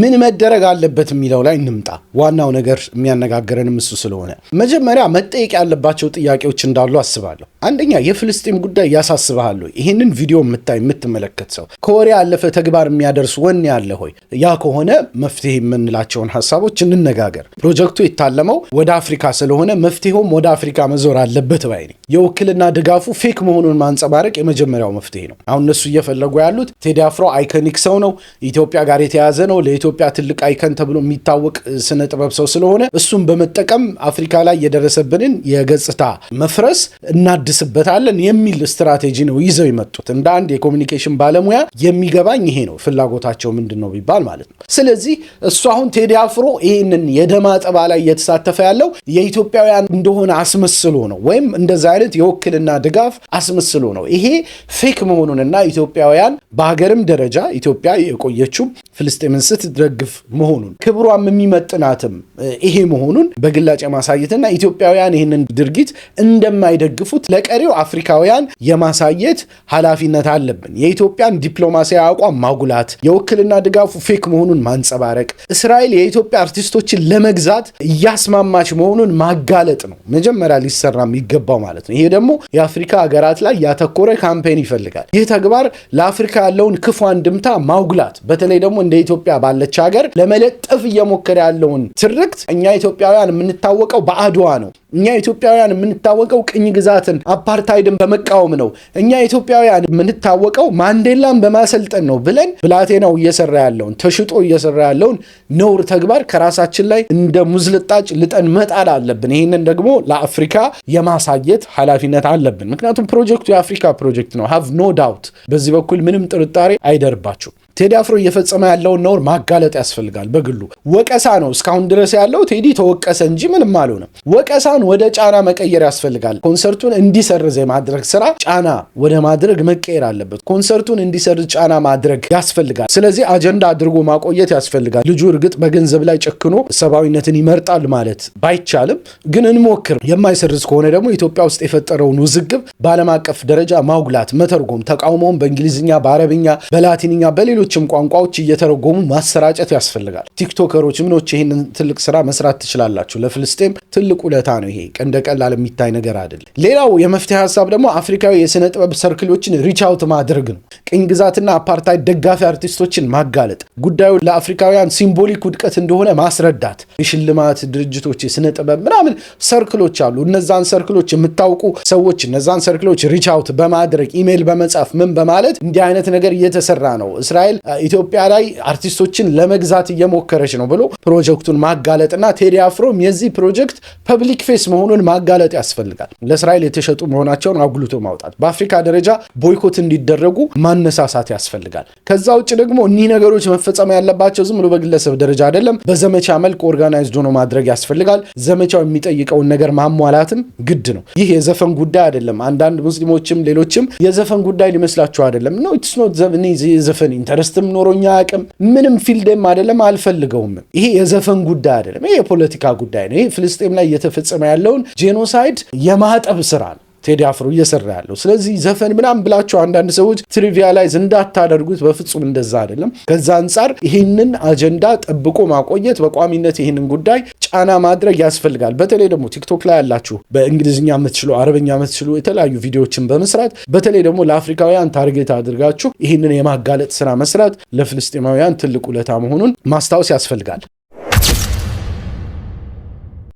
ምን መደረግ አለበት የሚለው ላይ እንምጣ። ዋናው ነገር የሚያነጋግረንም እሱ ስለሆነ መጀመሪያ መጠየቅ ያለባቸው ጥያቄዎች እንዳሉ አስባለሁ። አንደኛ የፍልስጤም ጉዳይ ያሳስበሃል ይህንን ቪዲዮ የምታይ የምትመለከት ሰው ከወሬ ያለፈ ተግባር የሚያደርስ ወን ያለ ሆይ? ያ ከሆነ መፍትሄ የምንላቸውን ሀሳቦች እንነጋገር። ፕሮጀክቱ የታለመው ወደ አፍሪካ ስለሆነ መፍትሄውም ወደ አፍሪካ መዞር አለበት ባይ ነኝ። የውክልና ድጋፉ ፌክ መሆኑን ማንጸባረቅ የመጀመሪያው መፍትሄ ነው። አሁን እነሱ እየፈለጉ ያሉት ቴዲ አፍሮ አይኮኒክ ሰው ነው፣ ኢትዮጵያ ጋር የተያያዘ ነው ለኢትዮጵያ ትልቅ አይከን ተብሎ የሚታወቅ ስነ ጥበብ ሰው ስለሆነ እሱን በመጠቀም አፍሪካ ላይ የደረሰብንን የገጽታ መፍረስ እናድስበታለን የሚል ስትራቴጂ ነው ይዘው የመጡት። እንደ አንድ የኮሚኒኬሽን ባለሙያ የሚገባኝ ይሄ ነው። ፍላጎታቸው ምንድን ነው ቢባል ማለት ነው። ስለዚህ እሱ አሁን ቴዲ አፍሮ ይህንን የደም ጠባ ላይ እየተሳተፈ ያለው የኢትዮጵያውያን እንደሆነ አስመስሎ ነው፣ ወይም እንደዚ አይነት የውክልና ድጋፍ አስመስሎ ነው። ይሄ ፌክ መሆኑንና ኢትዮጵያውያን በሀገርም ደረጃ ኢትዮጵያ የቆየችው ፍልስጤምን ስት የምትደግፍ መሆኑን ክብሯም የሚመጥናትም ይሄ መሆኑን በግላጭ የማሳየትና ኢትዮጵያውያን ይህንን ድርጊት እንደማይደግፉት ለቀሪው አፍሪካውያን የማሳየት ኃላፊነት አለብን። የኢትዮጵያን ዲፕሎማሲያዊ አቋም ማጉላት፣ የውክልና ድጋፉ ፌክ መሆኑን ማንጸባረቅ፣ እስራኤል የኢትዮጵያ አርቲስቶችን ለመግዛት እያስማማች መሆኑን ማጋለጥ ነው መጀመሪያ ሊሰራ የሚገባው ማለት ነው። ይሄ ደግሞ የአፍሪካ ሀገራት ላይ ያተኮረ ካምፔን ይፈልጋል። ይህ ተግባር ለአፍሪካ ያለውን ክፉ አንድምታ ማጉላት፣ በተለይ ደግሞ እንደ ኢትዮጵያ ባለ ያለች ሀገር ለመለጠፍ እየሞከረ ያለውን ትርክት እኛ ኢትዮጵያውያን የምንታወቀው በአድዋ ነው። እኛ ኢትዮጵያውያን የምንታወቀው ቅኝ ግዛትን፣ አፓርታይድን በመቃወም ነው። እኛ ኢትዮጵያውያን የምንታወቀው ማንዴላን በማሰልጠን ነው ብለን ብላቴናው እየሰራ ያለውን ተሽጦ እየሰራ ያለውን ነውር ተግባር ከራሳችን ላይ እንደ ሙዝልጣጭ ልጠን መጣል አለብን። ይህንን ደግሞ ለአፍሪካ የማሳየት ኃላፊነት አለብን። ምክንያቱም ፕሮጀክቱ የአፍሪካ ፕሮጀክት ነው። ሀቭ ኖ ዳውት። በዚህ በኩል ምንም ጥርጣሬ አይደርባችሁ። ቴዲ አፍሮ እየፈጸመ ያለውን ነውር ማጋለጥ ያስፈልጋል። በግሉ ወቀሳ ነው እስካሁን ድረስ ያለው። ቴዲ ተወቀሰ እንጂ ምንም አልሆነም። ወቀሳን ወደ ጫና መቀየር ያስፈልጋል። ኮንሰርቱን እንዲሰርዝ የማድረግ ስራ ጫና ወደ ማድረግ መቀየር አለበት። ኮንሰርቱን እንዲሰርዝ ጫና ማድረግ ያስፈልጋል። ስለዚህ አጀንዳ አድርጎ ማቆየት ያስፈልጋል። ልጁ እርግጥ በገንዘብ ላይ ጨክኖ ሰብአዊነትን ይመርጣል ማለት ባይቻልም ግን እንሞክር። የማይሰርዝ ከሆነ ደግሞ ኢትዮጵያ ውስጥ የፈጠረውን ውዝግብ በዓለም አቀፍ ደረጃ ማጉላት፣ መተርጎም፣ ተቃውሞውን በእንግሊዝኛ፣ በአረብኛ፣ በላቲንኛ በሌሎ ሌሎችም ቋንቋዎች እየተረጎሙ ማሰራጨት ያስፈልጋል። ቲክቶከሮች ምኖች ይህንን ትልቅ ስራ መስራት ትችላላችሁ። ለፍልስጤም ትልቅ ውለታ ነው። ይሄ እንደ ቀላል የሚታይ ነገር አይደለም። ሌላው የመፍትሄ ሀሳብ ደግሞ አፍሪካዊ የስነ ጥበብ ሰርክሎችን ሪቻውት ማድረግ ነው። ቅኝ ግዛትና አፓርታይድ ደጋፊ አርቲስቶችን ማጋለጥ፣ ጉዳዩ ለአፍሪካውያን ሲምቦሊክ ውድቀት እንደሆነ ማስረዳት፣ የሽልማት ድርጅቶች፣ የስነ ጥበብ ምናምን ሰርክሎች አሉ። እነዛን ሰርክሎች የምታውቁ ሰዎች እነዛን ሰርክሎች ሪቻውት በማድረግ ኢሜይል በመጻፍ ምን በማለት እንዲህ አይነት ነገር እየተሰራ ነው እስራኤል እስራኤል ኢትዮጵያ ላይ አርቲስቶችን ለመግዛት እየሞከረች ነው ብሎ ፕሮጀክቱን ማጋለጥና ቴዲ አፍሮም የዚህ ፕሮጀክት ፐብሊክ ፌስ መሆኑን ማጋለጥ ያስፈልጋል። ለእስራኤል የተሸጡ መሆናቸውን አጉልቶ ማውጣት፣ በአፍሪካ ደረጃ ቦይኮት እንዲደረጉ ማነሳሳት ያስፈልጋል። ከዛ ውጭ ደግሞ እኒህ ነገሮች መፈጸም ያለባቸው ዝም ብሎ በግለሰብ ደረጃ አይደለም፣ በዘመቻ መልክ ኦርጋናይዝድ ሆኖ ማድረግ ያስፈልጋል። ዘመቻው የሚጠይቀውን ነገር ማሟላትም ግድ ነው። ይህ የዘፈን ጉዳይ አይደለም። አንዳንድ ሙስሊሞችም ሌሎችም የዘፈን ጉዳይ ሊመስላቸው አይደለም ነው ኢትስ ኖት ዘፈን ኢንተረስት ኢንተረስትም ኖሮኛ አቅም ምንም ፊልድም አይደለም አልፈልገውም። ይሄ የዘፈን ጉዳይ አይደለም። ይሄ የፖለቲካ ጉዳይ ነው። ይሄ ፍልስጤም ላይ እየተፈጸመ ያለውን ጄኖሳይድ የማጠብ ስራ ነው። ቴዲ አፍሮ እየሰራ ያለው። ስለዚህ ዘፈን ምናምን ብላቸው አንዳንድ ሰዎች ትሪቪያላይዝ እንዳታደርጉት፣ በፍጹም እንደዛ አይደለም። ከዛ አንጻር ይህንን አጀንዳ ጠብቆ ማቆየት፣ በቋሚነት ይህንን ጉዳይ ጫና ማድረግ ያስፈልጋል። በተለይ ደግሞ ቲክቶክ ላይ ያላችሁ በእንግሊዝኛ የምትችሉ አረበኛ የምትችሉ የተለያዩ ቪዲዮዎችን በመስራት በተለይ ደግሞ ለአፍሪካውያን ታርጌት አድርጋችሁ ይህንን የማጋለጥ ስራ መስራት ለፍልስጤማውያን ትልቅ ውለታ መሆኑን ማስታወስ ያስፈልጋል።